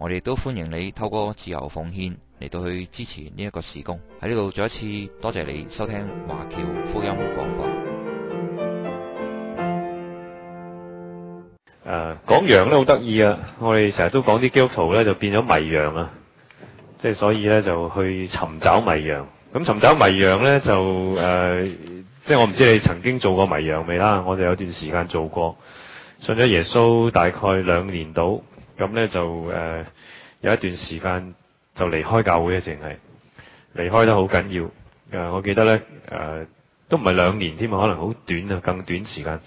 我哋都歡迎你透過自由奉獻嚟到去支持呢一個事工。喺呢度再一次多謝你收聽華僑福音廣播。誒，uh, 講羊咧好得意啊！我哋成日都講啲基督徒咧就變咗迷羊啊。即係所以咧就去尋找迷羊。咁、嗯、尋找迷羊咧就誒，uh, 即係我唔知你曾經做過迷羊未啦？我哋有段時間做過，信咗耶穌大概兩年度。咁咧就誒、呃、有一段時間就離開教會嘅，淨係離開得好緊要。誒、呃，我記得咧誒、呃、都唔係兩年添啊，可能好短啊，更短時間。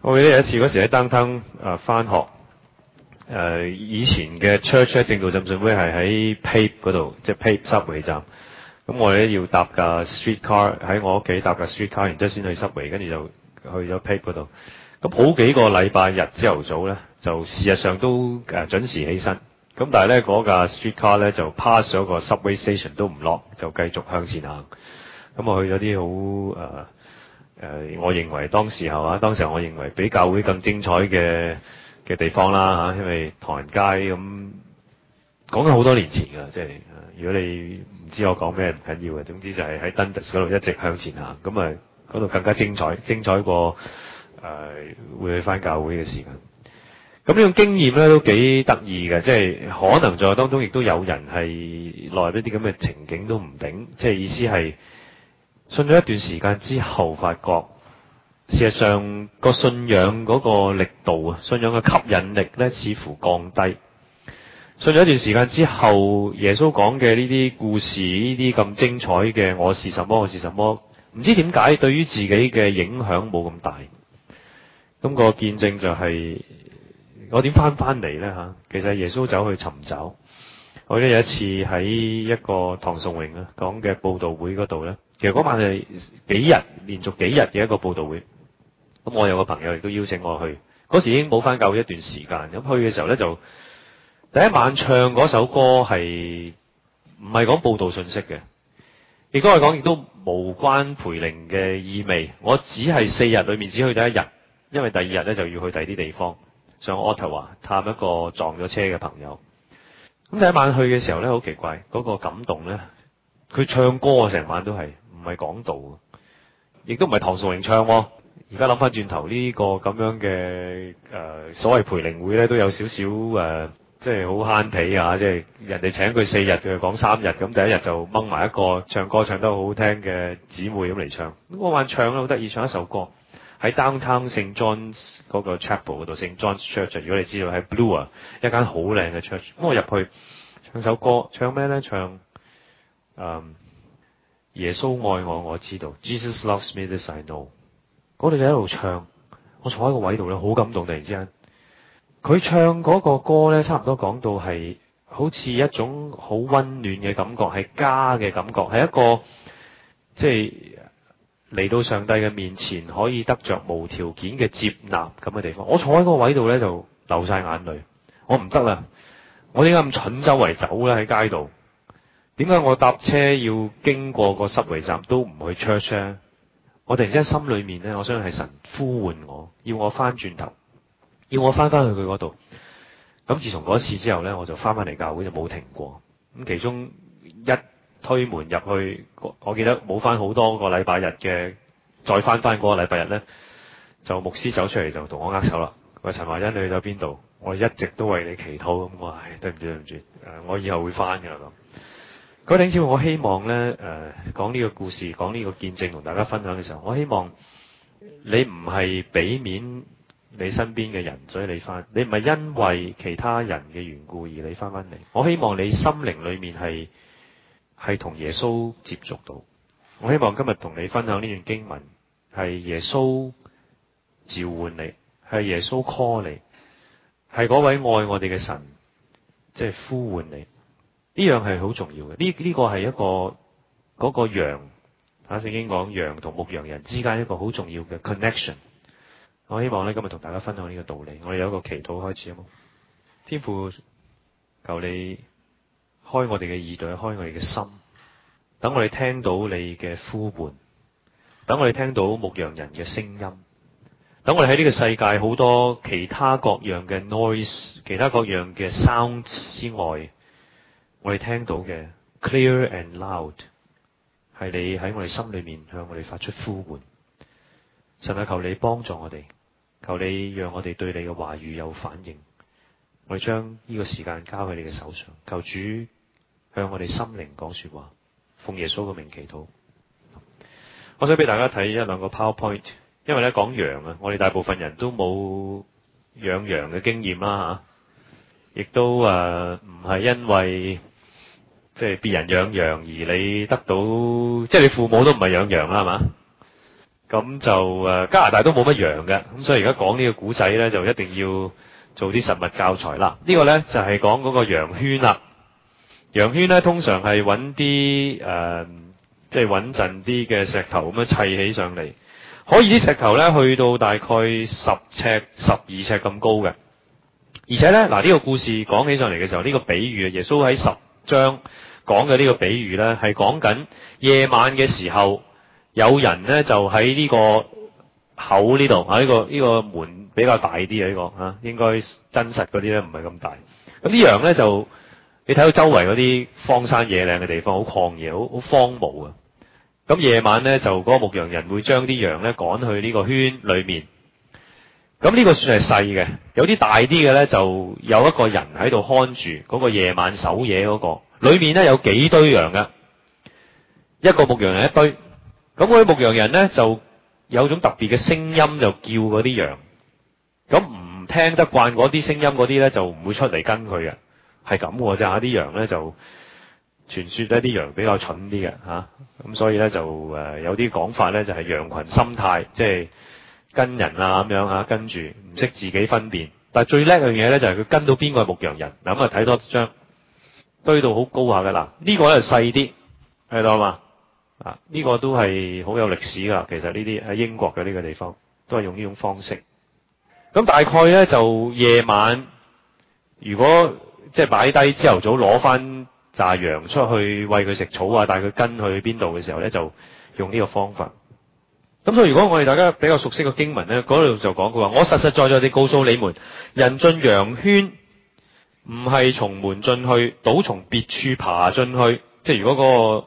我記得有一次嗰時喺 Downtown 誒翻學，誒、呃、以前嘅 Church 一正道浸信會係喺 Pape 嗰度，即係 Pape Subway 站。咁我哋要搭架 Street Car 喺我屋企搭架 Street Car，然之後先去 Subway，跟住就去咗 Pape 嗰度。咁好幾個禮拜日朝頭早咧。就事實上都誒、呃、準時起身，咁但係咧嗰架 street car 咧就 pass 咗個 subway station 都唔落，就繼續向前行。咁、嗯、我去咗啲好誒誒，我認為當時候啊，當時候我認為比教會更精彩嘅嘅地方啦嚇、啊，因為唐人街咁、嗯、講緊好多年前㗎，即係、呃、如果你唔知我講咩唔緊要嘅，總之就係喺 Dundas 嗰度一直向前行。咁啊，嗰度更加精彩，精彩過誒、呃、會去翻教會嘅時間。咁呢種經驗咧都幾得意嘅，即係可能在當中亦都有人係內呢啲咁嘅情景都唔頂，即係意思係信咗一段時間之後，發覺事實上個信仰嗰個力度啊，信仰嘅吸引力咧似乎降低。信咗一段時間之後，耶穌講嘅呢啲故事，呢啲咁精彩嘅，我是什麼，我是什麼，唔知點解對於自己嘅影響冇咁大。咁、那個見證就係、是。我點翻翻嚟咧吓？其實耶穌走去尋找。我記得有一次喺一個唐崇榮啊講嘅報道會嗰度咧，其實嗰晚係幾日連續幾日嘅一個報道會。咁我有個朋友亦都邀請我去，嗰時已經冇翻教會一段時間。咁去嘅時候咧就第一晚唱嗰首歌係唔係講報道信息嘅，亦都係講亦都無關培靈嘅意味。我只係四日裏面只去第一日，因為第二日咧就要去第二啲地方。上渥太華探一個撞咗車嘅朋友，咁第一晚去嘅時候咧，好奇怪嗰、那個感動咧，佢唱歌成晚都係唔係講道，亦都唔係唐崇榮唱、啊。而家諗翻轉頭呢、這個咁樣嘅誒、呃、所謂陪靈會咧，都有少少誒，即係好慳皮啊。即係人哋請佢四日，佢講三日，咁第一日就掹埋一個唱歌唱得好好聽嘅姊妹咁嚟唱，我、那、話、個、唱啊好得意，唱一首歌。喺 downtown j 聖約翰嗰個 chapel 度，JOHNS church。如果你知道喺 Bloor 啊，or, 一間好靚嘅 church。咁我入去唱首歌，唱咩咧？唱，嗯，耶穌愛我，我知道，Jesus loves me, this I know。嗰度就一路唱，我坐喺個位度咧，好感動。突然之間，佢唱嗰個歌咧，差唔多講到係好似一種好溫暖嘅感覺，係家嘅感覺，係一個即係。嚟到上帝嘅面前，可以得着無條件嘅接納咁嘅地方。我坐喺個位度咧，就流晒眼淚，我唔得啦！我點解咁蠢，周圍走咧喺街度？點解我搭車要經過個濕圍站都唔去 church 咧？我突然之間心裏面咧，我相信係神呼喚我，要我翻轉頭，要我翻翻去佢嗰度。咁自從嗰次之後咧，我就翻翻嚟教會就冇停過，咁其中一推門入去，我我記得冇翻好多個禮拜日嘅，再翻翻嗰個禮拜日咧，就牧師走出嚟就同我握手啦。喂，陳華恩，你去咗邊度？我一直都為你祈禱咁，我係對唔住對唔住，我以後會翻㗎喇。咁領事，我希望咧，誒，講呢個故事，講呢個見證同大家分享嘅時候，我希望你唔係俾面你身邊嘅人，所以你翻，你唔係因為其他人嘅緣故而你翻翻嚟。我希望你心靈裏面係。係同耶穌接觸到，我希望今日同你分享呢段經文，係耶穌召喚你，係耶穌 call 你，係嗰位愛我哋嘅神，即係呼喚你。呢樣係好重要嘅，呢、呢、呢個係一個嗰、嗰個羊，啊，聖經講羊同牧羊人之間一個好重要嘅 connection。我希望咧今日同大家分享呢個道理，我哋有一個祈禱開始，好冇？天父，求你。開我哋嘅耳朵，開我哋嘅心，等我哋聽到你嘅呼喚，等我哋聽到牧羊人嘅聲音，等我哋喺呢個世界好多其他各樣嘅 noise、其他各樣嘅 sound 之外，我哋聽到嘅 clear and loud 係你喺我哋心裏面向我哋發出呼喚。神啊，求你幫助我哋，求你讓我哋對你嘅話語有反應。我哋將呢個時間交喺你嘅手上，求主，向我哋心靈講說話，奉耶穌嘅名祈禱。我想俾大家睇一兩個 PowerPoint，因為咧講羊啊，我哋大部分人都冇養羊嘅經驗啦吓，亦、啊、都誒唔係因為即係別人養羊而你得到，即係你父母都唔係養羊啦係嘛。咁就誒、呃、加拿大都冇乜羊嘅，咁所以而家講個呢個古仔咧就一定要做啲實物教材啦。這個、呢個咧就係、是、講嗰個羊圈啦。羊圈咧通常係揾啲誒，即係穩陣啲嘅石頭咁樣砌起上嚟，可以啲石頭咧去到大概十尺、十二尺咁高嘅。而且咧，嗱、這、呢個故事講起上嚟嘅時候，呢、這個比喻啊，耶穌喺十章講嘅呢個比喻咧，係講緊夜晚嘅時候，有人咧就喺呢個口呢度啊，呢、這個呢、這個門比較大啲啊，呢、這個吓應該真實嗰啲咧唔係咁大。咁呢羊咧就。你睇到周圍嗰啲荒山野嶺嘅地方，好曠野，好好荒蕪啊！咁夜晚咧，就、那、嗰個牧羊人會將啲羊咧趕去呢個圈裏面。咁呢個算係細嘅，有啲大啲嘅咧，就有一個人喺度看住嗰、那個夜晚守夜嗰、那個。裏面咧有幾堆羊噶，一個牧羊人一堆。咁嗰啲牧羊人咧就有種特別嘅聲音，就聲音，就叫嗰啲羊。咁唔聽得慣嗰啲聲音嗰啲咧，就唔會出嚟跟佢嘅。係咁喎，就啊啲羊咧就傳説咧啲羊比較蠢啲嘅嚇，咁、啊、所以咧就誒、呃、有啲講法咧就係、是、羊群心態，即係跟人啊咁樣嚇、啊、跟住唔識自己分辨。但係最叻樣嘢咧就係、是、佢跟到邊個牧羊人。嗱咁啊睇多張堆到好高下㗎喇，啦這個、呢個咧細啲睇到嘛啊？呢、這個都係好有歷史㗎。其實呢啲喺英國嘅呢個地方都係用呢種方式。咁大概咧就夜晚，如果即係擺低，朝頭早攞翻炸羊出去喂佢食草啊！帶佢跟佢去邊度嘅時候咧，就用呢個方法。咁所以如果我哋大家比較熟悉嘅經文咧，嗰度就講佢話：我實實在在地告訴你們，人進羊圈唔係從門進去，倒從別處爬進去。即係如果、嗰個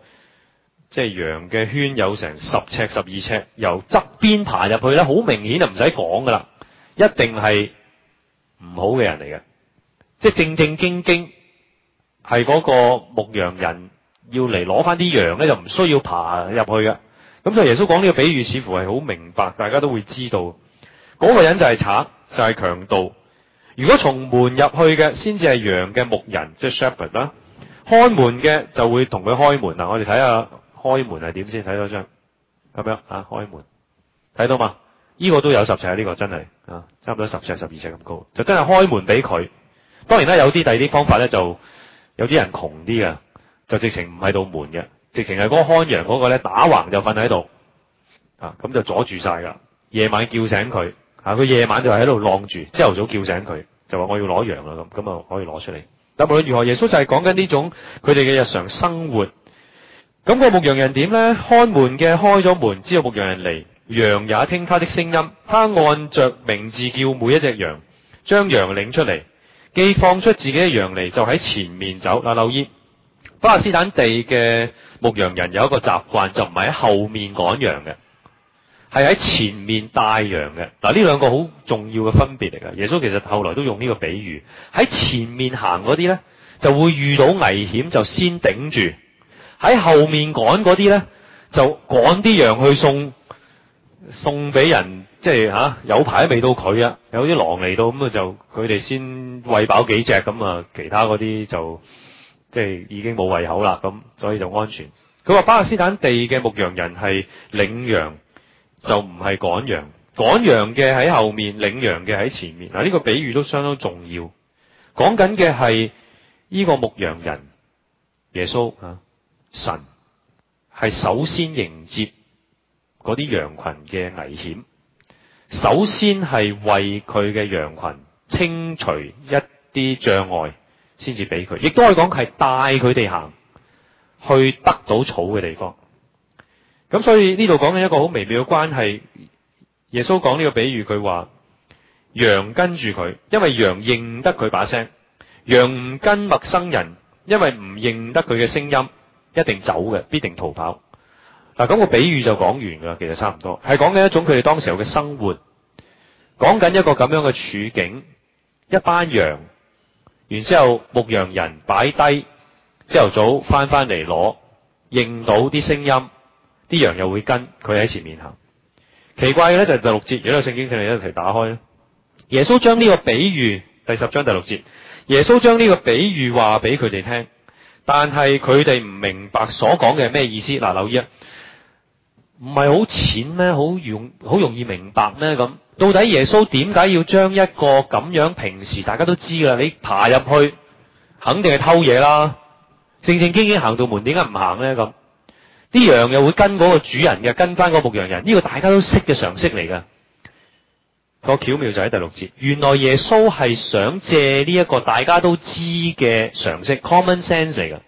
即係、就是、羊嘅圈有成十尺、十二尺，由側邊爬入去咧，好明顯就唔使講㗎喇，一定係唔好嘅人嚟嘅。即係正正經經，係嗰個牧羊人要嚟攞翻啲羊咧，就唔需要爬入去嘅。咁就耶穌講呢個比喻，似乎係好明白，大家都會知道嗰個人就係賊，就係強盜。如果從門入去嘅，先至係羊嘅牧人，即係 shepherd 啦。開門嘅就會同佢開門。嗱，我哋睇下開門係點先。睇多張，咁樣啊，開門，睇到嘛？呢個都有十尺，呢個真係啊，差唔多十尺、十二尺咁高，就真係開門俾佢。當然啦，有啲第二啲方法咧，就有啲人窮啲嘅，就直情唔係度門嘅，直情係嗰個看羊嗰個咧打橫就瞓喺度，啊咁就阻住晒㗎。夜晚叫醒佢，啊佢夜晚就喺度晾住，朝頭早叫醒佢，就話我要攞羊啦咁，咁啊可以攞出嚟。但無論如何，耶穌就係講緊呢種佢哋嘅日常生活。咁個牧羊人點咧？看門嘅開咗門，之後牧羊人嚟，羊也聽他的聲音，他按着名字叫每一隻羊，將羊領出嚟。既放出自己嘅羊嚟，就喺前面走。嗱，留意巴勒斯坦地嘅牧羊人有一個習慣，就唔係喺後面趕羊嘅，係喺前面帶羊嘅。嗱，呢兩個好重要嘅分別嚟嘅。耶穌其實後來都用呢個比喻：喺前面行啲咧，就會遇到危險就先頂住；喺後面趕啲咧，就趕啲羊去送，送俾人。即係吓，有排都未到佢啊！有啲狼嚟到咁啊，就佢哋先餵飽幾隻咁啊，其他嗰啲就即係已經冇胃口啦。咁所以就安全。佢話巴勒斯坦地嘅牧羊人係領羊，就唔係趕羊。趕羊嘅喺後面，領羊嘅喺前面。嗱，呢個比喻都相當重要。講緊嘅係呢個牧羊人耶穌啊，神係首先迎接嗰啲羊群嘅危險。首先係為佢嘅羊群清除一啲障礙，先至俾佢。亦都可以講係帶佢哋行去得到草嘅地方。咁所以呢度講緊一個好微妙嘅關係。耶穌講呢個比喻，佢話羊跟住佢，因為羊認得佢把聲。羊唔跟陌生人，因為唔認得佢嘅聲音，一定走嘅，必定逃跑。嗱，咁個比喻就講完㗎啦，其實差唔多，係講緊一種佢哋當時候嘅生活，講緊一個咁樣嘅處境，一班羊，然之後牧羊人擺低，朝頭早翻翻嚟攞，認到啲聲音，啲羊又會跟佢喺前面行。奇怪嘅咧就第六節，如果有聖經請你一齊打開，耶穌將呢個比喻第十章第六節，耶穌將呢個比喻話俾佢哋聽，但係佢哋唔明白所講嘅咩意思。嗱，留意啊。唔係好淺咩？好容好容易明白咩？咁到底耶穌點解要將一個咁樣平時大家都知噶啦？你爬入去肯定係偷嘢啦，正正經經行到門點解唔行咧？咁啲羊又會跟嗰個主人嘅，跟翻個牧羊人。呢個大家都識嘅常識嚟噶。個巧妙就喺第六節，原來耶穌係想借呢一個大家都知嘅常識 （common sense） 嚟噶，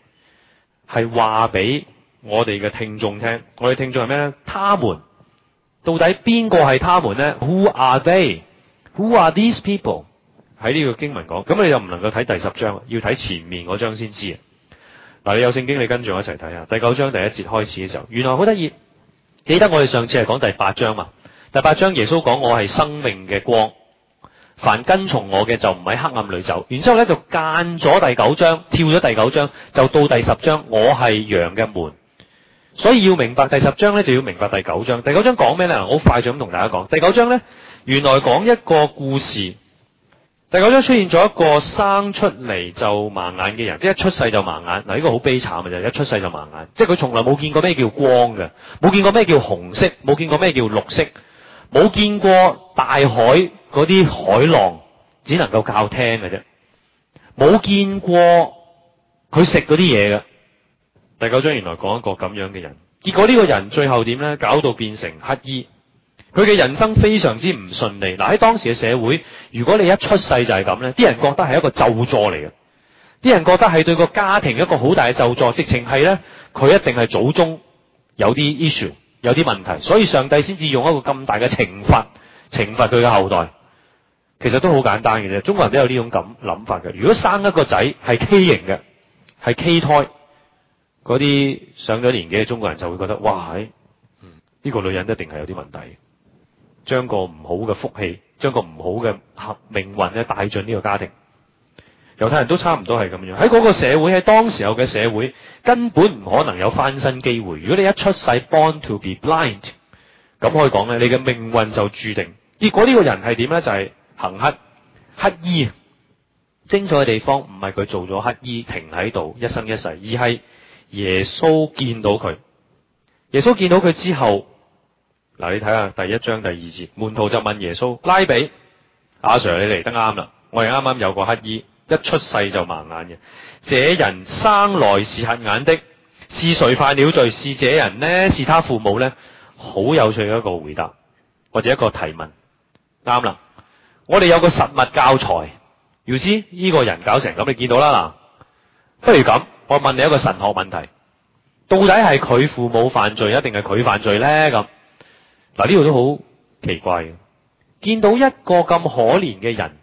係話俾。我哋嘅聽眾聽，我哋聽眾係咩咧？他們到底邊個係他們咧？Who are they？Who are these people？喺呢個經文講，咁你又唔能夠睇第十章，要睇前面嗰章先知嘅。嗱，你有聖經你跟住我一齊睇下。第九章第一節開始嘅時候，原來好得意。記得我哋上次係講第八章嘛？第八章耶穌講我係生命嘅光，凡跟從我嘅就唔喺黑暗裏走。然之後咧就間咗第九章，跳咗第九章，就到第十章。我係羊嘅門。所以要明白第十章咧，就要明白第九章。第九章講咩咧？好快就咁同大家講。第九章咧，原來講一個故事。第九章出現咗一個生出嚟就盲眼嘅人，即係一出世就盲眼。嗱，呢個好悲慘嘅就係，一出世就盲眼，即係佢從來冇見過咩叫光嘅，冇見過咩叫紅色，冇見過咩叫綠色，冇見過大海嗰啲海浪，只能夠靠聽嘅啫，冇見過佢食嗰啲嘢嘅。第九章原來講一個咁樣嘅人，結果呢個人最後點呢？搞到變成乞兒。佢嘅人生非常之唔順利。嗱、啊、喺當時嘅社會，如果你一出世就係咁呢，啲人覺得係一個咒詛嚟嘅，啲人覺得係對個家庭一個好大嘅咒詛，直情係呢，佢一定係祖宗有啲 issue，有啲問題，所以上帝先至用一個咁大嘅懲罰，懲罰佢嘅後代。其實都好簡單嘅啫，中國人都有呢種咁諗法嘅。如果生一個仔係畸形嘅，係畸胎。嗰啲上咗年紀嘅中國人就會覺得，哇！呢、這個女人一定係有啲問題，將個唔好嘅福氣，將個唔好嘅命命運咧帶進呢個家庭。猶太人都差唔多係咁樣，喺嗰個社會，喺當時候嘅社會根本唔可能有翻身機會。如果你一出世 born to be blind，咁可以講咧，你嘅命運就注定。結果呢個人係點咧？就係、是、行乞、乞兒。精彩嘅地方唔係佢做咗乞兒，停喺度一生一世，而係。耶穌見到佢，耶穌見到佢之後，嗱你睇下第一章第二節，門徒就問耶穌：拉比阿、啊、Sir，你嚟得啱啦，我哋啱啱有個乞丐，一出世就盲眼嘅，這人生來是瞎眼的，是誰犯了罪？是這人呢？是他父母咧？好有趣嘅一個回答，或者一個提問，啱啦。我哋有個實物教材，要知呢個人搞成咁，你見到啦嗱，不如咁。我問你一個神學問題：到底係佢父母犯罪，一定係佢犯罪咧？咁嗱，呢度都好奇怪嘅。見到一個咁可憐嘅人，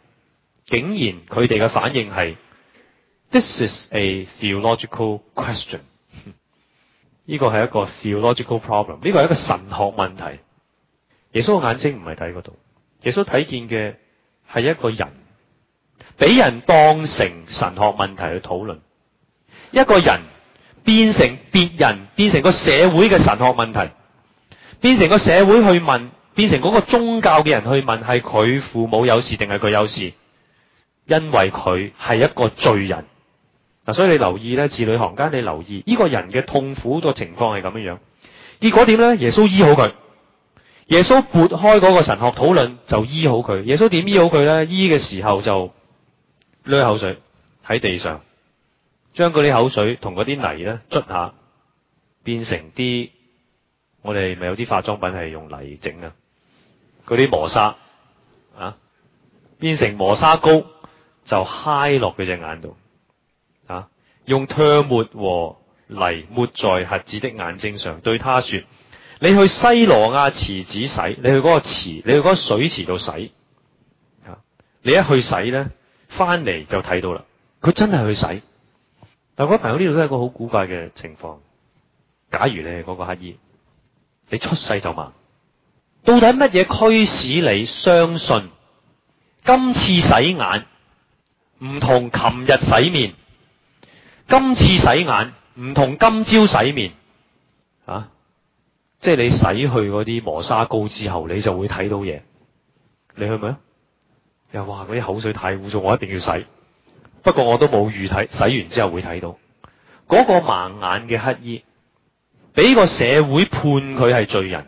竟然佢哋嘅反應係：This is a theological question。呢 個係一個 theological problem。呢個係一個神學問題。耶穌嘅眼睛唔係睇嗰度，耶穌睇見嘅係一個人，俾人當成神學問題去討論。一個人變成別人，變成，變成個社會嘅神學問題，變成個社會去問，變成嗰個宗教嘅人去問，係佢父母有事定係佢有事？因為佢係一個罪人嗱、啊，所以你留意咧，字裏行間你留意呢個人嘅痛苦個情況係咁樣樣。結果點咧？耶穌醫好佢，耶穌撥開嗰個神學討論就醫好佢。耶穌點醫好佢咧？醫嘅時候就甩口水喺地上，將嗰啲口水同嗰啲泥咧捽下，變成啲我哋咪有啲化妝品係用泥整啊，嗰啲磨砂啊，變成磨砂膏就嗨落佢隻眼度啊。用唾沫和泥抹在瞎子的眼睛上，對他說：你去西羅亞池子洗，你去嗰個池，你去嗰個水池度洗啊。你一去洗咧，翻嚟就睇到啦。佢真係去洗。但各位朋友，呢度都係一個好古怪嘅情況。假如你係嗰個乞兒，你出世就盲，到底乜嘢驅使你相信今次洗眼唔同琴日洗面，今次洗眼唔同今朝洗面啊？即係你洗去嗰啲磨砂膏之後，你就會睇到嘢。你係咪啊？又話嗰啲口水太污糟，我一定要洗。不過我都冇預睇，洗完之後會睇到嗰個盲眼嘅乞兒，俾個社會判佢係罪人，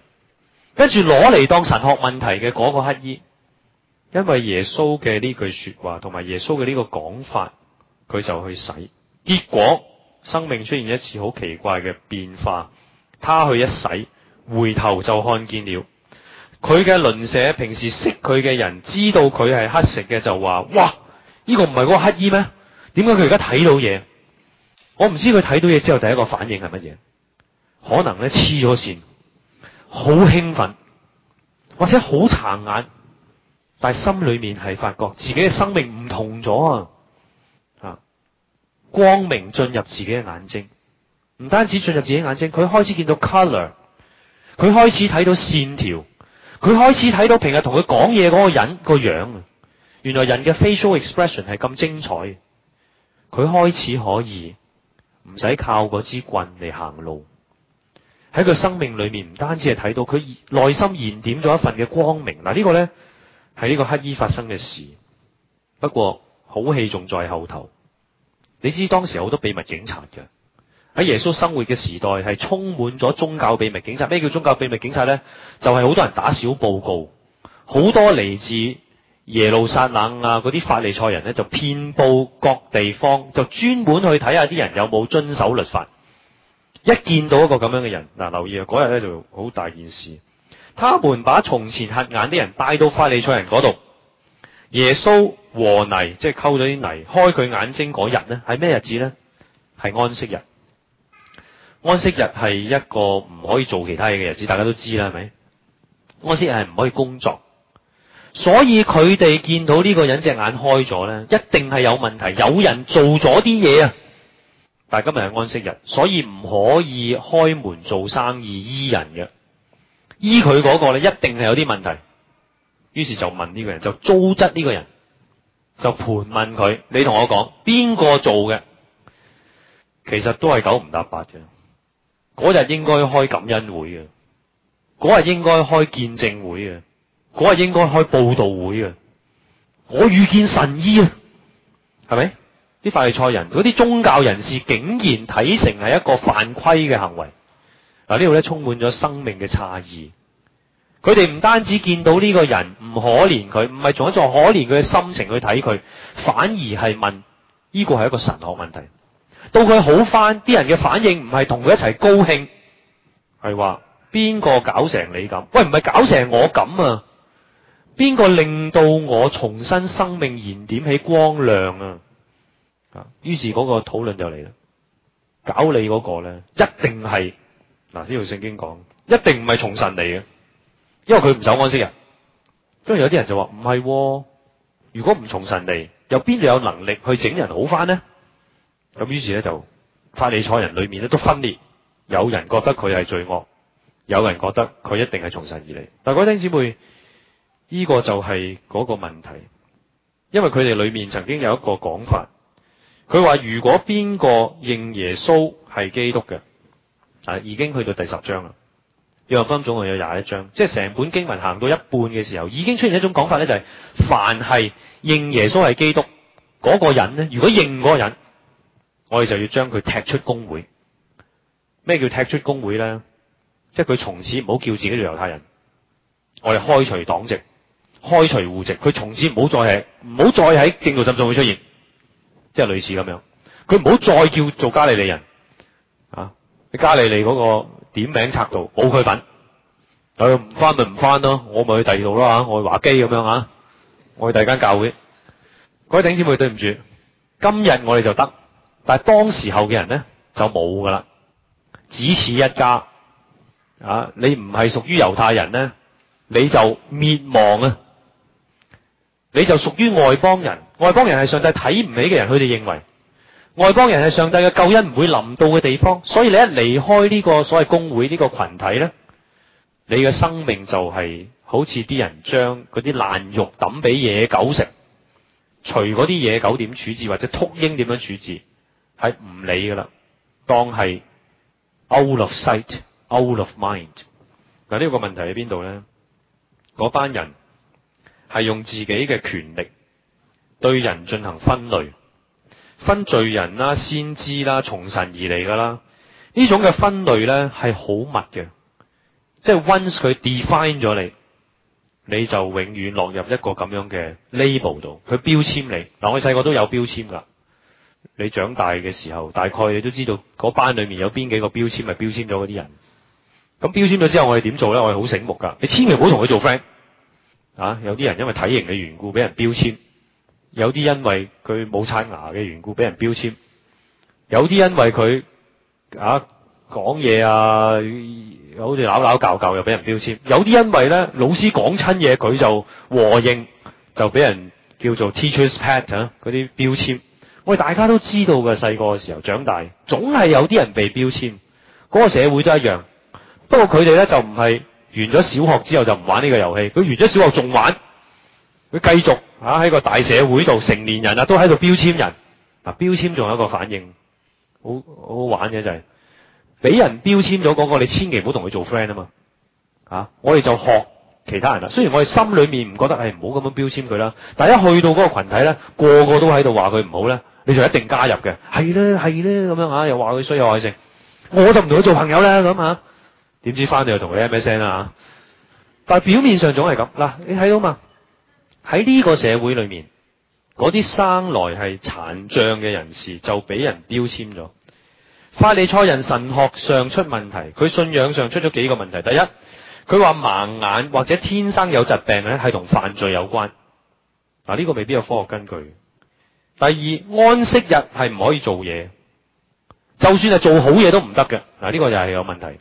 跟住攞嚟當神學問題嘅嗰個乞兒，因為耶穌嘅呢句說話同埋耶穌嘅呢個講法，佢就去洗，結果生命出現一次好奇怪嘅變化，他去一洗，回頭就看見了，佢嘅鄰舍平時識佢嘅人知道佢係乞食嘅就話，哇！呢個唔係嗰個乞衣咩？點解佢而家睇到嘢？我唔知佢睇到嘢之後第一個反應係乜嘢？可能咧黐咗線，好興奮，或者好殘眼，但係心裡面係發覺自己嘅生命唔同咗啊！啊，光明進入自己嘅眼睛，唔單止進入自己眼睛，佢開始見到 color，佢開始睇到線條，佢開始睇到平日同佢講嘢嗰個人個樣。原來人嘅 facial expression 係咁精彩，佢開始可以唔使靠嗰支棍嚟行路。喺佢生命裏面唔單止係睇到佢內心燃點咗一份嘅光明。嗱、這個、呢個咧係呢個乞兒發生嘅事。不過好戲仲在後頭。你知當時有好多秘密警察嘅，喺耶穌生活嘅時代係充滿咗宗教秘密警察。咩叫宗教秘密警察咧？就係、是、好多人打小報告，好多嚟自。耶路撒冷啊，嗰啲法利賽人咧就遍布各地方，就專門去睇下啲人有冇遵守律法。一見到一個咁樣嘅人，嗱、啊，留意啊，嗰日咧就好大件事。他們把從前瞎眼啲人帶到法利賽人嗰度。耶穌和泥，即係溝咗啲泥，開佢眼睛嗰日咧，係咩日子咧？係安息日。安息日係一個唔可以做其他嘢嘅日子，大家都知啦，係咪？安息日係唔可以工作。所以佢哋見到呢個人隻眼開咗呢，一定係有問題，有人做咗啲嘢啊！但係今日係安息日，所以唔可以開門做生意醫人嘅，醫佢嗰個咧一定係有啲問題。於是就問呢個人，就糟質呢個人，就盤問佢，你同我講邊個做嘅？其實都係九唔搭八嘅。嗰日應該開感恩會嘅，嗰日應該開見證會嘅。嗰日應該開佈道會啊。我遇見神醫啊，係咪啲法利賽人？嗰啲宗教人士竟然睇成係一個犯規嘅行為。嗱，呢度咧充滿咗生命嘅差異。佢哋唔單止見到呢個人唔可憐佢，唔係從一種可憐佢嘅心情去睇佢，反而係問呢個係一個神學問題。到佢好返，啲人嘅反應唔係同佢一齊高興，係話邊個搞成你咁？喂，唔係搞成我咁啊！邊個令到我重新生命燃點起光亮啊？啊，於是嗰個討論就嚟啦，搞你嗰個咧一定係嗱，呢度聖經講，一定唔係從神嚟嘅，因為佢唔守安息日。咁有啲人就話唔係喎，如果唔從神嚟，又邊度有能力去整人好返呢？啊，咁於是咧就法利賽人裏面咧都分裂，有人覺得佢係罪惡，有人覺得佢一定係從神而嚟。但各位弟兄姊妹。呢個就係嗰個問題，因為佢哋裏面曾經有一個講法，佢話如果邊個認耶穌係基督嘅，啊，已經去到第十章啦，約翰福音總共有廿一章，即係成本經文行到一半嘅時候，已經出現一種講法咧、就是，就係凡係認耶穌係基督嗰、那個人咧，如果認嗰個人，我哋就要將佢踢出公會。咩叫踢出公會咧？即係佢從此唔好叫自己做猶太人，我哋開除黨籍。開除戶籍，佢從此唔好再喺，唔好再喺正道浸信會出現，即係類似咁樣。佢唔好再叫做加利利人啊！你加利利嗰個點名冊度冇佢份，佢唔翻咪唔翻咯，我咪去第二度咯，吓，我去華基咁樣，吓，我去第二間教會。各位頂姊妹對唔住，今日我哋就得，但係當時候嘅人咧就冇噶啦，只此一家啊！你唔係屬於猶太人咧，你就滅亡啊！你就屬於外邦人，外邦人係上帝睇唔起嘅人。佢哋認為外邦人係上帝嘅救恩唔會臨到嘅地方，所以你一離開呢個所謂工會呢個群體咧，你嘅生命就係好似啲人將嗰啲爛肉抌俾野狗食，除嗰啲野狗點處置或者禿鷹點樣處置，係唔理噶啦，當係 out of sight，out of mind。嗱，呢個問題喺邊度咧？嗰班人。係用自己嘅權力對人進行分類，分罪人啦、先知啦、從神而嚟噶啦，呢種嘅分類咧係好密嘅，即係 once 佢 define 咗你，你就永遠落入一個咁樣嘅 label 度，佢標籤你。嗱，我細個都有標籤噶，你長大嘅時候，大概你都知道班裏面有邊幾個標籤係標籤咗啲人。咁標籤咗之後，我哋點做咧？我哋好醒目噶，你千祈唔好同佢做 friend。啊！有啲人因為體型嘅緣故俾人標籤，有啲因為佢冇刷牙嘅緣故俾人標籤，有啲因為佢啊講嘢啊，好似扭扭鬧鬧又俾人標籤，有啲因為咧老師講親嘢佢就和應，就俾人叫做 Teacher's Pet 啊嗰啲標籤。我哋大家都知道嘅，細個嘅時候長大，總係有啲人被標籤，嗰個社會都一樣。不過佢哋咧就唔係。完咗小學之後就唔玩呢個遊戲，佢完咗小學仲玩，佢繼續吓喺、啊、個大社會度，成年人啊都喺度標籤人，嗱、啊、標籤仲有一個反應，好好玩嘅就係、是、俾人標籤咗嗰個，你千祈唔好同佢做 friend 啊嘛，吓、啊、我哋就學其他人啦，雖然我哋心裏面唔覺得，係唔好咁樣標籤佢啦，但一去到嗰個群體咧，個個都喺度話佢唔好咧，你就一定加入嘅，係咧係咧咁樣吓、啊，又話佢衰有愛性。我就唔同佢做朋友啦咁吓。點知翻到又同佢噏噏聲啦，但係表面上總係咁嗱，你睇到嘛？喺呢個社會裏面，嗰啲生來係殘障嘅人士就俾人標籤咗。法利賽人神學上出問題，佢信仰上出咗幾個問題。第一，佢話盲眼或者天生有疾病咧，係同犯罪有關。嗱、啊，呢、這個未必有科學根據。第二，安息日係唔可以做嘢，就算係做好嘢都唔得嘅。嗱、啊，呢、這個又係有問題。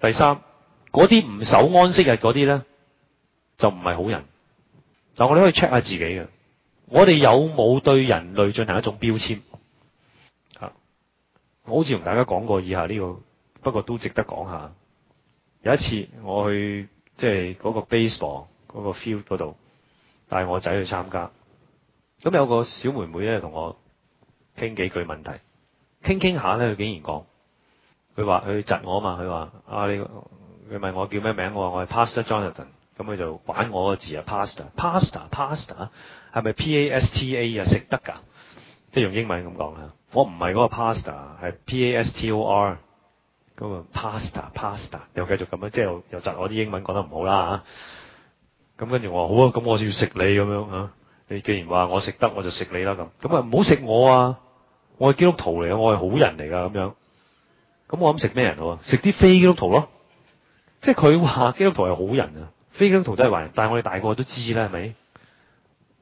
第三，啲唔守安息日嘅啲咧，就唔係好人。嗱，我哋可以 check 下自己嘅，我哋有冇對人類進行一種標籤？吓，我好似同大家講過以下呢個，不過都值得講下。有一次我去即係個 baseball 個 field 度，帶我仔去參加。咁有個小妹妹咧同我傾幾句問題，傾傾下咧，佢竟然講。佢話：佢窒我啊嘛！佢話：啊你佢問我叫咩名？我話：我係 Pastor Jonathan。咁佢就玩我個字啊！Pastor，Pastor，Pastor，係咪 P-A-S-T-A 啊？食得㗎，即係用英文咁講啦。我唔係嗰個 Pastor，係 P-A-S-T-O-R。咁啊，Pastor，Pastor，又繼續咁樣，即係又又窒我啲英文講得唔好啦、啊、嚇。咁跟住我話：好啊，咁我就要食你咁樣啊！你既然話我食得，我就食你啦咁。咁啊，唔好食我啊！我係基督徒嚟嘅，我係好人嚟㗎咁樣。咁、嗯、我諗食咩人好啊？食啲非基督徒咯，即係佢話基督徒係好人啊，非基督徒都係壞人。但係我哋大個都知啦，係咪？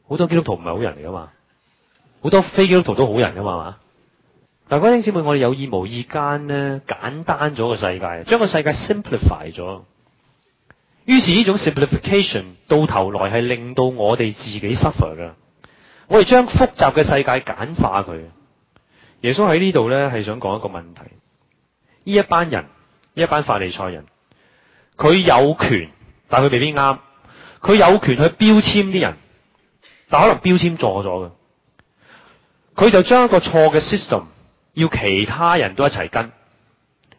好多基督徒唔係好人嚟噶嘛，好多非基督徒都好人噶嘛，係嘛？嗱，各位弟兄姊妹，我哋有意無意間咧，簡單咗個世界，將個世界 simplify 咗。於是呢種 simplification 到頭來係令到我哋自己 suffer 噶。我哋將複雜嘅世界簡化佢。耶穌喺呢度咧係想講一個問題。呢一班人，呢一班法利賽人，佢有權，但佢未必啱。佢有權去標籤啲人，但可能標籤錯咗嘅。佢就將一個錯嘅 system，要其他人都一齊跟，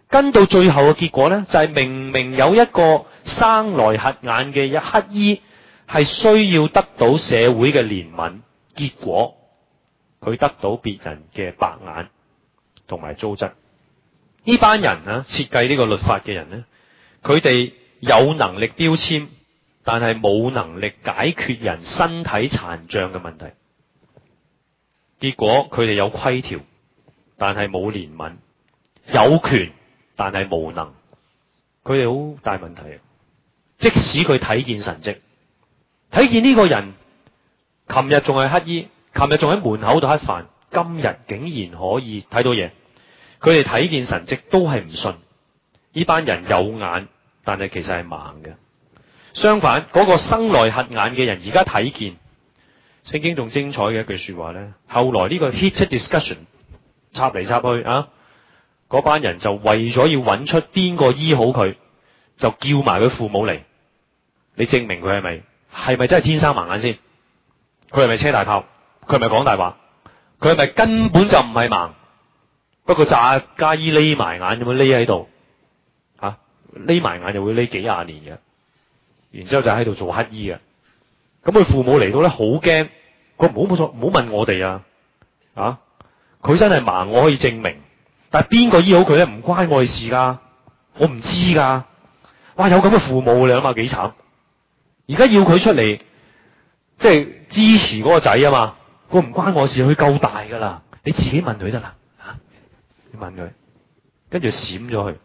跟到最後嘅結果咧，就係、是、明明有一個生來瞎眼嘅乞衣，係需要得到社會嘅憐憫，結果佢得到別人嘅白眼同埋糟質。呢班人啊，設計呢個律法嘅人咧，佢哋有能力標籤，但係冇能力解決人身體殘障嘅問題。結果佢哋有規條，但係冇憐憫，有權但係無能，佢哋好大問題啊！即使佢睇見神跡，睇見呢個人，琴日仲係乞兒，琴日仲喺門口度乞飯，今日竟然可以睇到嘢。佢哋睇見神蹟都係唔信，呢班人有眼，但係其實係盲嘅。相反，嗰個生來瞎眼嘅人而家睇見，聖經仲精彩嘅一句說話咧。後來呢個 heated discussion 插嚟插去啊，嗰班人就為咗要揾出邊個醫好佢，就叫埋佢父母嚟，你證明佢係咪係咪真係天生盲眼先？佢係咪車大炮？佢係咪講大話？佢係咪根本就唔係盲？不過炸家姨匿埋眼咁樣匿喺度，吓匿埋眼就會匿幾廿年嘅，然之後就喺度做乞衣嘅。咁佢父母嚟到咧，好驚佢，唔好冇錯，唔好問我哋啊，啊，佢真係盲，我可以證明。但係邊個醫好佢咧，唔關我事噶，我唔知噶。哇，有咁嘅父母，你諗下幾慘？而家要佢出嚟，即係支持嗰個仔啊嘛。佢唔關我事，佢夠大噶啦，你自己問佢得啦。問佢，跟住閃咗佢，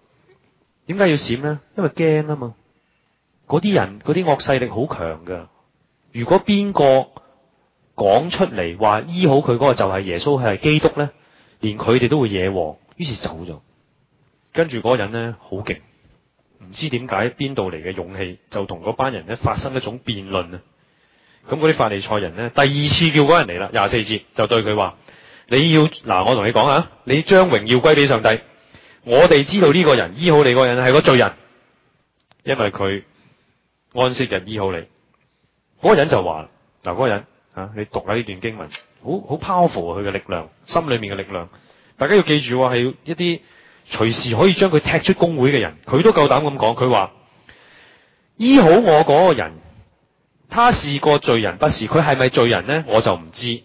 點解要閃咧？因為驚啊嘛。嗰啲人嗰啲惡勢力好強噶。如果邊個講出嚟話醫好佢嗰個就係耶穌係基督咧，連佢哋都會惹禍。於是走咗。跟住嗰人咧好勁，唔知點解邊度嚟嘅勇氣，就同嗰班人咧發生一種辯論啊。咁嗰啲法利賽人咧，第二次叫嗰人嚟啦，廿四節就對佢話。你要嗱，我同你講啊，你將榮耀歸俾上帝。我哋知道呢個人醫好你個人係個罪人，因為佢安息日醫好你。個人就話，嗱，個人吓、啊，你讀下呢段經文，好好 powerful 佢嘅、啊、力量，心裏面嘅力量。大家要記住、啊，係一啲隨時可以將佢踢出工會嘅人，佢都夠膽咁講。佢話醫好我個人，他是個罪人，不是佢係咪罪人咧？我就唔知。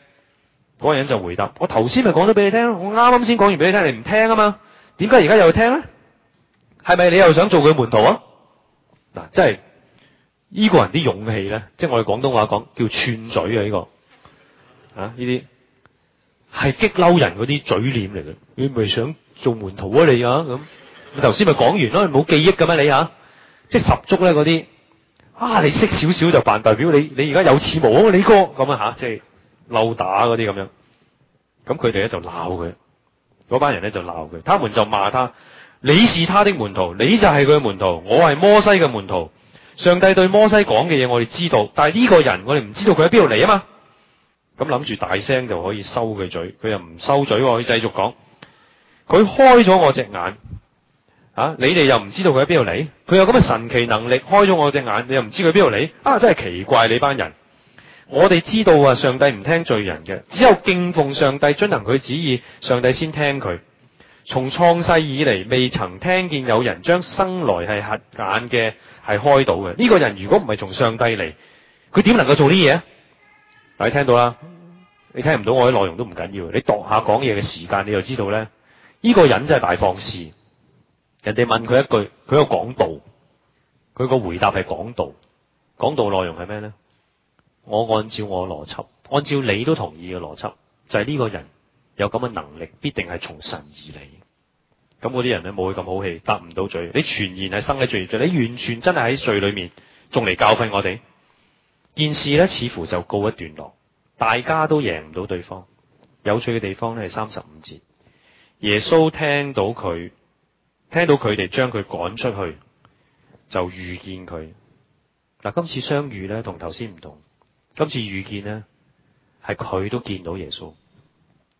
嗰個人就回答：我頭先咪講咗俾你聽咯，我啱啱先講完俾你聽，你唔聽啊嘛？點解而家又聽咧？係咪你又想做佢門徒啊？嗱，即係依個人啲勇氣咧，即係我哋廣東話講叫串嘴啊！依個啊，依啲係激嬲人嗰啲嘴臉嚟嘅，你咪想做門徒啊？你啊咁，你頭先咪講完咯，冇記憶噶咩你嚇？即係十足咧嗰啲啊！你識少少就扮代表你，你而家有始無終，你個咁啊嚇，即係。毆打啲咁樣，咁佢哋咧就鬧佢，班人咧就鬧佢，他們就罵他，他，他，他：你是他的門徒，你就係佢嘅門徒，我係摩西嘅門徒。上帝對摩西講嘅嘢，我哋知道，但係呢個人我哋唔知道佢喺邊度嚟啊嘛。咁諗住大聲就可以收佢嘴，佢又唔收嘴，可以繼續講。佢開咗我隻眼，啊，你哋又唔知道佢喺邊度嚟？佢有咁嘅神奇能力開咗我隻眼，你又唔知佢喺邊度嚟？啊，真係奇怪！你班人。我哋知道啊，上帝唔聽罪人嘅，只有敬奉上帝遵行佢旨意，上帝先聽佢。從創世以嚟，未曾聽見有人將生來係瞎眼嘅係開到嘅。呢個人如果唔係從上帝嚟，佢點能夠做啲嘢啊？大家聽到啦，你聽唔到我啲內容都唔緊要，你度下講嘢嘅時間，你就知道咧。呢個人真係大放肆。人哋問佢一句，佢有講道，佢個回答係講道，講道內容係咩咧？我按照我邏輯，按照你都同意嘅邏輯，就係呢個人有咁嘅能力，必定係從神而嚟。咁嗰啲人咧，冇咁好氣，答唔到罪。你全然係生喺罪裏邊，你完全真係喺罪裏面，仲嚟教訓我哋。件事咧，似乎就告一段落，大家都贏唔到對方。有趣嘅地方咧，係三十五節，耶穌聽到佢，聽到佢哋將佢趕出去，就遇見佢。嗱，今次相遇咧，同頭先唔同。今次遇見咧，係佢都見到耶穌，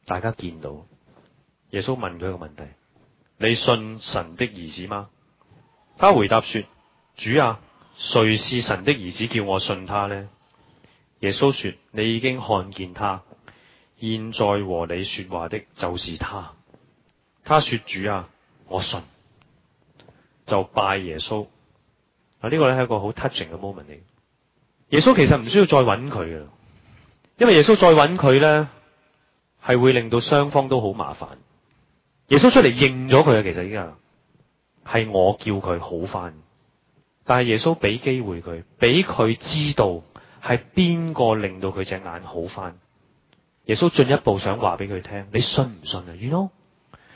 大家見到耶穌問佢一個問題。你信神的兒子嗎？他回答說，主啊，誰是神的兒子叫我信他呢？耶穌說，你已經看見他，現在和你說話的就是他。他說，主啊，我信。就拜耶穌。啊，呢個咧係一個好 touching 嘅 moment 嚟。耶穌其實唔需要再搵佢啦，因為耶穌再搵佢咧，係會令到雙方都好麻煩。耶穌出嚟認咗佢啊，其實依家係我叫佢好翻，但係耶穌俾機會佢，俾佢知道係邊個令到佢隻眼好翻。耶穌進一步想話俾佢聽，你信唔信啊？You know,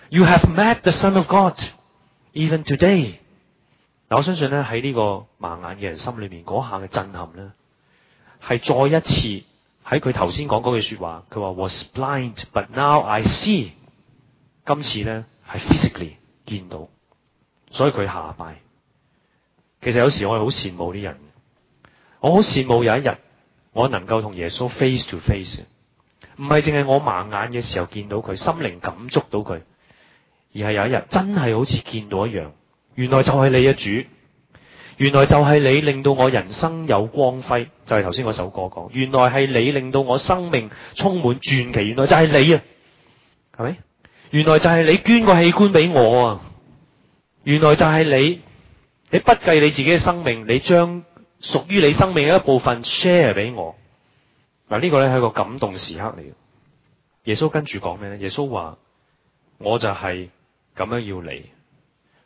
you have met the Son of God even today。嗱，我相信咧喺呢個盲眼嘅人心裏面嗰下嘅震撼咧，係再一次喺佢頭先講句說話，佢話 was blind but now I see。今次咧係 physically 見到，所以佢下拜。其實有時我係好羨慕啲人，我好羨慕有一日我能夠同耶穌 face to face。唔係淨係我盲眼嘅時候見到佢，心靈感觸到佢，而係有一日真係好似見到一樣，原來就係你嘅主。原來就係你令到我人生有光輝，就係頭先嗰首歌講，原來係你令到我生命充滿傳奇，原來就係你啊，係咪？原來就係你捐個器官俾我啊，原來就係你，你不計你自己嘅生命，你將屬於你生命嘅一部分 share 俾我，嗱、這、呢個咧係一個感動時刻嚟嘅。耶穌跟住講咩咧？耶穌話：我就係咁樣要你。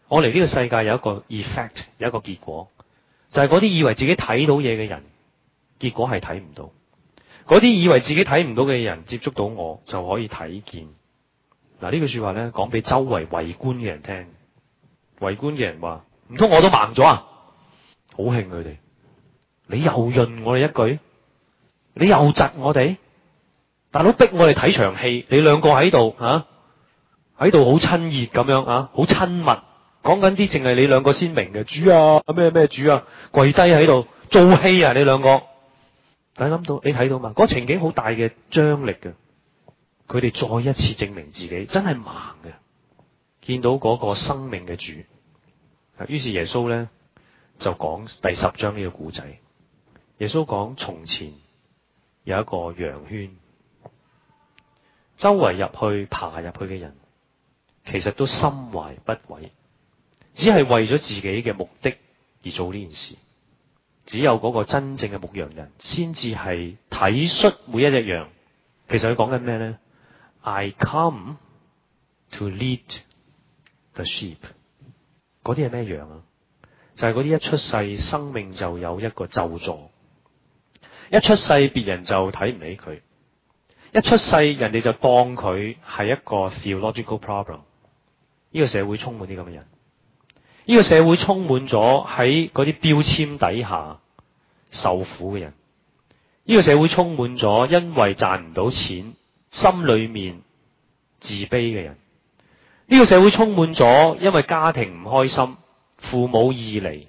我嚟呢個世界有一個 effect，有一個結果，就係嗰啲以為自己睇到嘢嘅人，結果係睇唔到；嗰啲以為自己睇唔到嘅人，接觸到我就可以睇見。嗱、啊、呢句說話咧，講俾周圍圍觀嘅人聽。圍觀嘅人話：唔通我都盲咗啊？好慶佢哋！你又潤我哋一句，你又窒我哋？大佬逼我哋睇場戲，你兩個喺度啊？喺度好親熱咁樣啊，好親密。講緊啲淨係你兩個先明嘅，主啊咩咩主啊，跪低喺度做戲啊你兩個，但你諗到你睇到嘛？嗰、那個、情景好大嘅張力嘅，佢哋再一次證明自己真係盲嘅，見到嗰個生命嘅主。於是耶穌咧就講第十章呢個故仔。耶穌講，從前有一個羊圈，周圍入去爬入去嘅人，其實都心懷不軌。只係為咗自己嘅目的而做呢件事。只有嗰個真正嘅牧羊人，先至係體恤每一隻羊。其實佢講緊咩咧？I come to lead the sheep。嗰啲係咩羊啊？就係嗰啲一出世生命就有一個咒詛，一出世別人就睇唔起佢，一出世人哋就當佢係一個 theological problem。呢個社會充滿啲咁嘅人。呢個社會充滿咗喺嗰啲標籤底下受苦嘅人，呢個社會充滿咗因為賺唔到錢，心裏面自卑嘅人，呢個社會充滿咗因為家庭唔開心、父母離異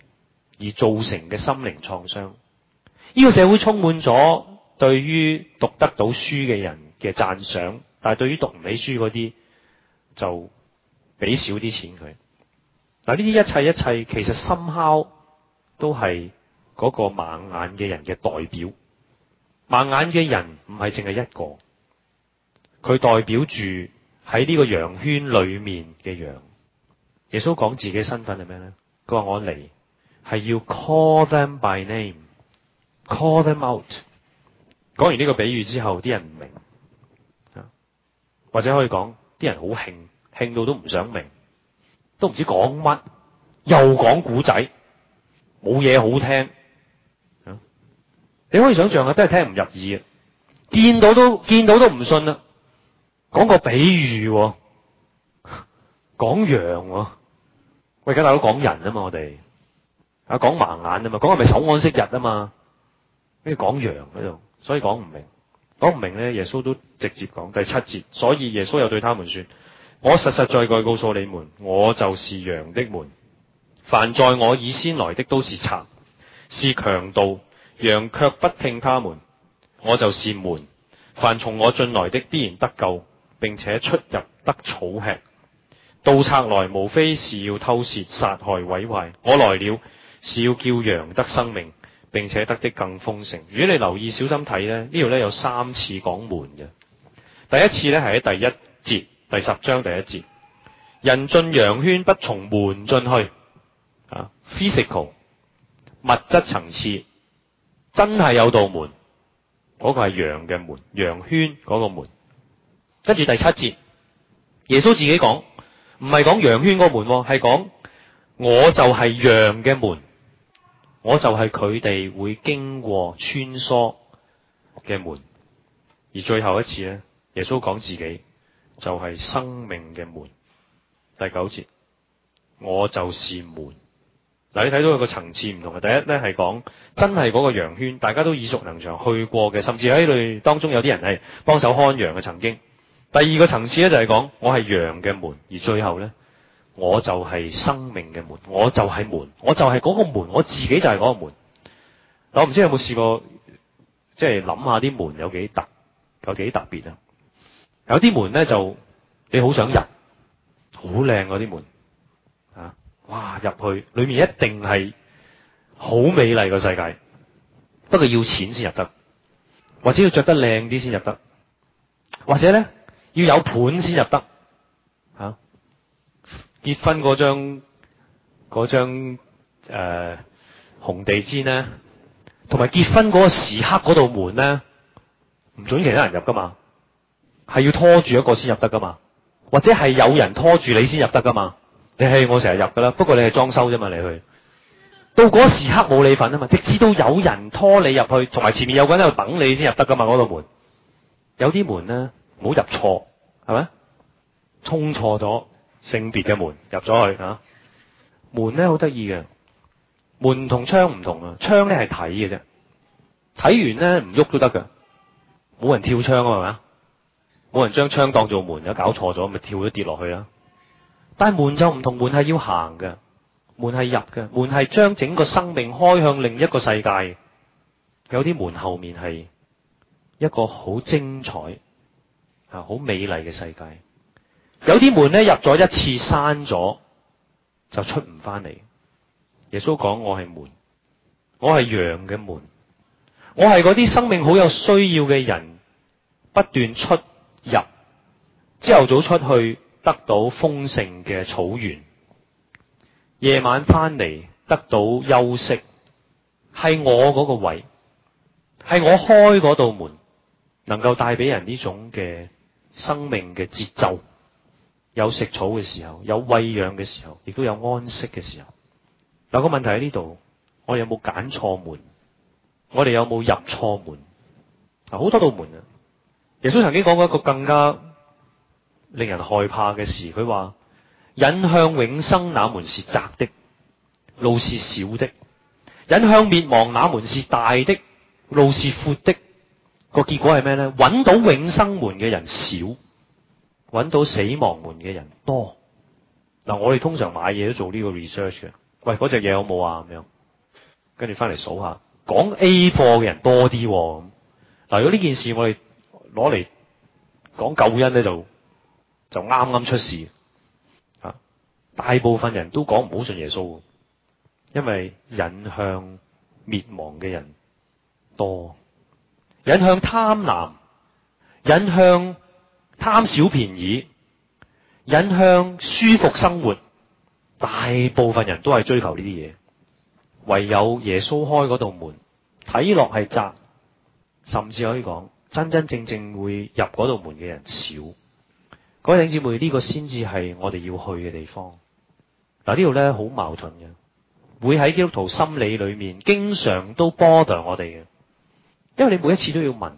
而造成嘅心靈創傷，呢個社會充滿咗對於讀得到書嘅人嘅讚賞，但係對於讀唔起書嗰啲就俾少啲錢佢。嗱，呢啲一切一切，其實深考都係個盲眼嘅人嘅代表。盲眼嘅人唔係淨係一個，佢代表住喺呢個羊圈裏面嘅羊。耶穌講自己身份係咩咧？佢話我嚟係要 call them by name，call them out。講完呢個比喻之後，啲人唔明，或者可以講，啲人好興，興到都唔想明。都唔知講乜，又講古仔，冇嘢好聽、啊。你可以想象啊，真係聽唔入耳，見到都見到都唔信啦。講個比喻，講、啊、羊。喂、啊，而家大佬講人啊嘛，我哋啊講盲眼啊嘛，講係咪守安息日啊嘛，跟住講羊喺度，所以講唔明，講唔明咧，耶穌都直接講第七節，所以耶穌又對他們說。我實實在在告訴你們，我就是羊的門。凡在我以先來的都是賊，是強盜。羊卻不聽他們。我就是門。凡從我進來的必然得救，並且出入得草吃。盜賊來，無非是要偷竊、殺害、毀壞。我來了，是要叫羊得生命，並且得的更豐盛。如果你留意、小心睇咧，呢度咧有三次講門嘅。第一次咧係喺第一節。第十章第一節，人進羊圈不從門進去啊，physical 物質層次真係有道門，嗰個係羊嘅門，羊圈個門。跟住第七節，耶穌自己講，唔係講羊圈個門，係講我就係羊嘅門，我就係佢哋會經過穿梭嘅門。而最後一次咧，耶穌講自己，就係生命嘅門，第九節，我就是門。嗱，你睇到個層次唔同嘅。第一咧係講真係嗰個羊圈，大家都耳熟能詳去過嘅，甚至喺度當中有啲人係幫手看羊嘅曾經。第二個層次咧就係、是、講我係羊嘅門，而最後咧我就係生命嘅門，我就係門，我就係嗰個門，我自己就係嗰個門。我唔知有冇試過，即係諗下啲門有幾特，有幾特別啊！有啲門咧就你好想入，好靚嗰啲門啊！哇，入去裏面一定係好美麗個世界，不過要錢先入得，或者要着得靚啲先入得，或者咧要有盤先入得。吓、啊，結婚嗰張嗰張誒紅地毯咧，同埋結婚嗰個時刻嗰道門咧，唔準其他人入，噶嘛。係要拖住一個先入得噶嘛，或者係有人拖住你先入得噶嘛。你係我成日入噶啦，不過你係裝修啫嘛，你去到嗰時刻冇你份啊嘛。直至到有人拖你入去，同埋前面有個人喺度等你先入得噶嘛，嗰度，那個、門。有啲門咧，唔好入錯，係咪？沖錯咗性別嘅門，入咗去啊！門咧好得意嘅，門同窗唔同啊。窗咧係睇嘅啫，睇完咧唔喐都得噶，冇人跳窗啊，係咪？冇人將窗當做門，如果搞錯咗，咪跳咗跌落去啦。但係門就唔同，門係要行嘅，門係入嘅，門係將整個生命開向另一個世界。有啲門後面係一個好精彩啊，好美麗嘅世界。有啲門咧入咗一次，閂咗就出唔翻嚟。耶穌講：我係門，我係羊嘅門，我係嗰啲生命好有需要嘅人不斷出。入朝頭早出去，得到豐盛嘅草原；夜晚翻嚟，得到休息。係我個位係我開道門，能夠帶俾人呢種嘅生命嘅節奏。有食草嘅時候，有餵養嘅時候，亦都有安息嘅時候。嗱，個問題喺呢度，我哋有冇揀錯門？我哋有冇入錯門？啊，好多道門啊！耶穌曾經講過一個更加令人害怕嘅事，佢話引向永生那門是窄的，路是小的；引向滅亡那門是大的，路是闊的。個結果係咩咧？揾到永生門嘅人少，揾到死亡門嘅人多。嗱，我哋通常買嘢都做呢個 research 嘅，喂，嗰隻嘢有冇啊？咁樣，跟住翻嚟數下，講 A 貨嘅人多啲。嗱，如果呢件事我哋，攞嚟講救恩咧，就就啱啱出事啊！大部分人都講唔好信耶穌，因為引向滅亡嘅人多，引向貪婪，引向貪小便宜，引向舒服生活。大部分人都係追求呢啲嘢，唯有耶穌開嗰道門，睇落係窄，甚至可以講，真真正正會入度門嘅人少。各位弟兄姊妹，呢、這個先至係我哋要去嘅地方。嗱、啊，呢度咧好矛盾嘅，會喺基督徒心理裏面經常都 bother 我哋嘅，因為你每一次都要問，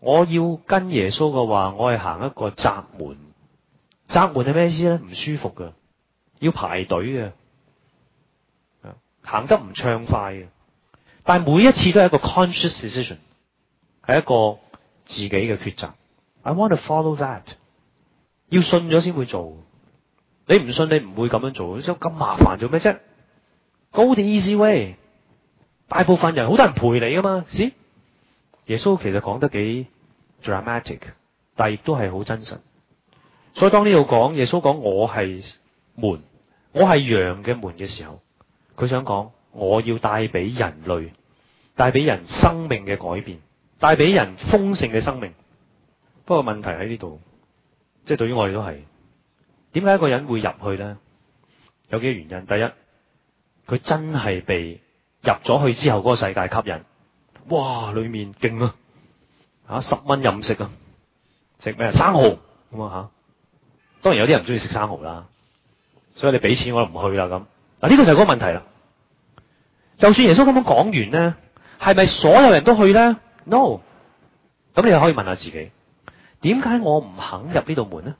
我要跟耶穌嘅話，我係行一個窄門，窄門係咩意思咧？唔舒服嘅，要排隊嘅，行得唔暢快嘅，但係每一次都係一個 conscious decision。係一個自己嘅抉擇。I want to follow that。要信咗先會做。你唔信，你唔會咁樣做。你做咁麻煩做咩啫？Go the easy way。大部分人好多人陪你噶嘛，是。耶穌其實講得幾 dramatic，但係亦都係好真實。所以當呢度講耶穌講我係門，我係羊嘅門嘅時候，佢想講我要帶俾人類，帶俾人生命嘅改變。帶俾人豐盛嘅生命，不過問題喺呢度，即係對於我哋都係。點解一個人會入去咧？有幾個原因。第一，佢真係被入咗去之後嗰個世界吸引，哇！裏面勁啊，吓、啊、十蚊任食啊，食咩？生蠔咁啊吓、啊！當然有啲人中意食生蠔啦，所以你俾錢我就唔去啦咁。嗱呢、啊這個就係嗰個問題啦。就算耶穌咁樣講完咧，係咪所有人都去咧？No，咁你又可以問下自己，點解我唔肯入呢道門呢？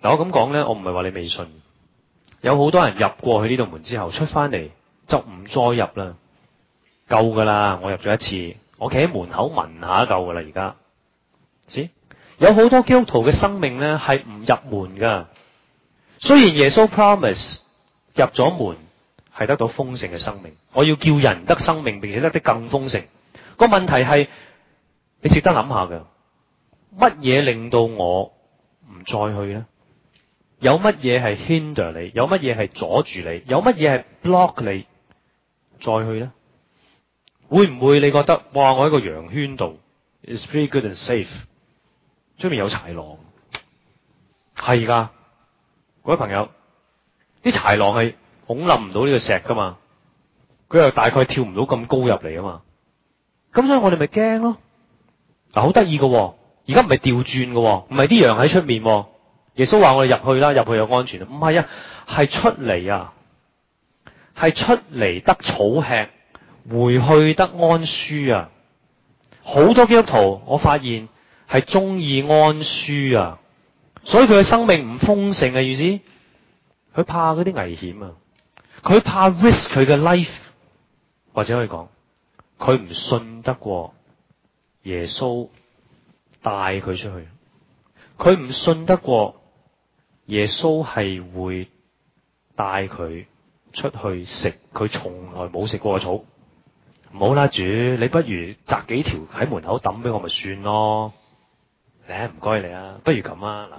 嗱，我咁講咧，我唔係話你未信，有好多人入過去呢道門之後，出翻嚟就唔再入啦，夠噶啦，我入咗一次，我企喺門口聞一下夠噶啦，而家，有好多基督徒嘅生命咧係唔入門噶，雖然耶穌 promise 入咗門係得到豐盛嘅生命，我要叫人得生命，並且得啲更豐盛。個問題係，你值得諗下嘅，乜嘢令到我唔再去咧？有乜嘢係 hinder 你？有乜嘢係阻住你？有乜嘢係 block 你再去咧？會唔會你覺得，哇！我喺個羊圈度，It's pretty good and safe，出面有豺狼。係噶，各位朋友，啲豺狼係恐冧唔到呢個石噶嘛？佢又大概跳唔到咁高入嚟啊嘛？咁，嗯，所以我哋咪驚咯。嗱，好得意嘅，而家唔係調轉嘅，唔係啲羊喺出面。耶穌話我哋入去啦，入去又安全。唔係啊，係出嚟啊，係出嚟得草吃，回去得安舒啊。好多基督徒我發現係中意安舒啊，所以佢嘅生命唔豐盛嘅意思，佢怕啲危險啊，佢怕，啊，怕 risk 佢嘅 life，或者可以講。佢唔信得過耶穌帶佢出去，佢唔信得過耶穌係會帶佢出去食，佢從來冇食過嘅草。唔好啦，主，你不如摘幾條喺門口抌俾我咪算咯。你唔該你啊，不如咁啊，嗱，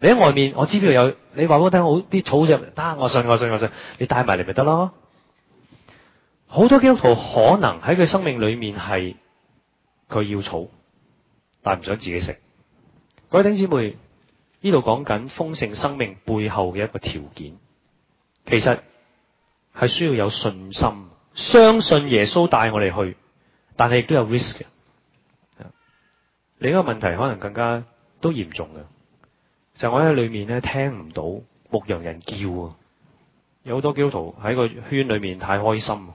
你喺外面，我知邊度有。你話俾我聽好啲草食，得我信我信我信，我信，你帶埋嚟咪得咯。好多基督徒可能喺佢生命裏面係佢要草，但唔想自己食。各位弟兄姊妹，呢度講緊豐盛生命背後嘅一個條件，其實係需要有信心，相信耶穌帶我哋去，但係亦都有 risk 嘅、啊。另一個問題可能更加都嚴重嘅，就係，我喺裏面咧聽唔到牧羊人叫啊，有好多基督徒喺個圈裏面太開心、啊。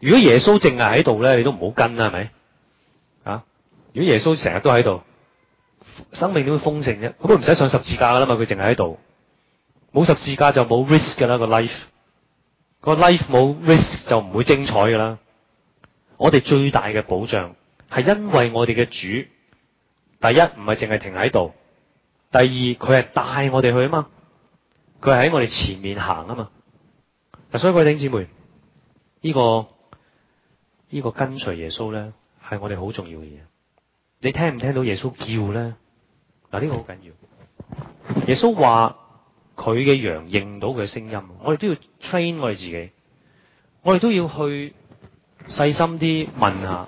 如果耶穌淨係喺度咧，你都唔好跟啦，係咪？啊！如果耶穌成日都喺度，生命點會豐盛啫？根本唔使上十字架噶啦嘛，佢淨係喺度，冇十字架就冇 risk 噶啦個 life，個 life 冇 risk 就唔會精彩噶啦。我哋最大嘅保障係因為我哋嘅主，第一唔係淨係停喺度，第二佢係帶我哋去啊嘛，佢係喺我哋前面行啊嘛。嗱，所以各位弟兄姊妹，呢個。呢個跟隨耶穌咧，係我哋好重要嘅嘢。你聽唔聽到耶穌叫咧？嗱，呢個好緊要。耶穌話佢嘅羊認到佢嘅聲音，我哋都要 train 我哋自己，我哋都要去細心啲問下、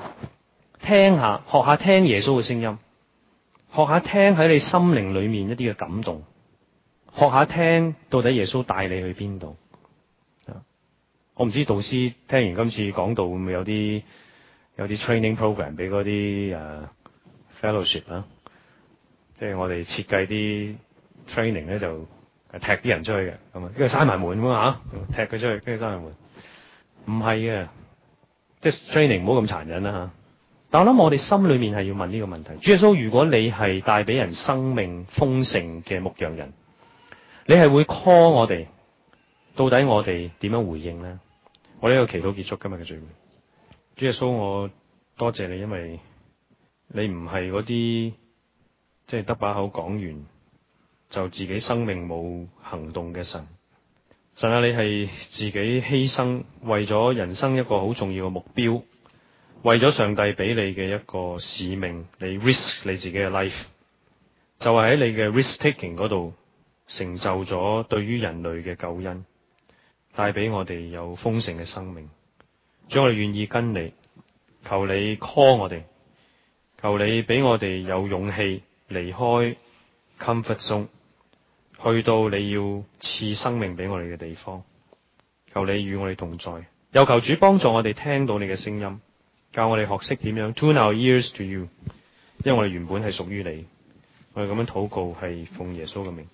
聽下、學下聽耶穌嘅聲音，學下聽喺你心靈裏面一啲嘅感動，學下聽到底耶穌帶你去邊度。我唔知導師聽完今次講道會唔會有啲有啲 training program 俾嗰啲誒、啊、fellowship 啦、啊，即係我哋設計啲 training 咧、啊、就踢啲人出去嘅，咁啊，跟住閂埋門咁啊嚇，踢佢出去跟住閂埋門。唔係嘅，即係 training 唔好咁殘忍啦嚇、啊。但係我諗我哋心裏面係要問呢個問題：主耶穌，如果你係帶俾人生命豐盛嘅牧羊人，你係會 call 我哋，到底我哋點樣回應咧？我呢個祈禱結束今日嘅聚會。主耶穌，我多謝你，因為你唔係啲即係得把口講完就自己生命冇行動嘅神，神啊，你係自己犧牲為咗人生一個好重要嘅目標，為咗上帝俾你嘅一個使命，你 risk 你自己嘅 life，就係喺你嘅 risk-taking 度成就咗對於人類嘅救恩。帶俾我哋有豐盛嘅生命，將我哋願意跟你，求你 call 我哋，求你俾我哋有勇氣離開 comfort zone，去到你要賜生命俾我哋嘅地方，求你與我哋同在，又求主幫助我哋聽到你嘅聲音，教我哋學識點樣 tune our ears to you，因為我哋原本係屬於你，我哋咁樣禱告係奉耶穌嘅名。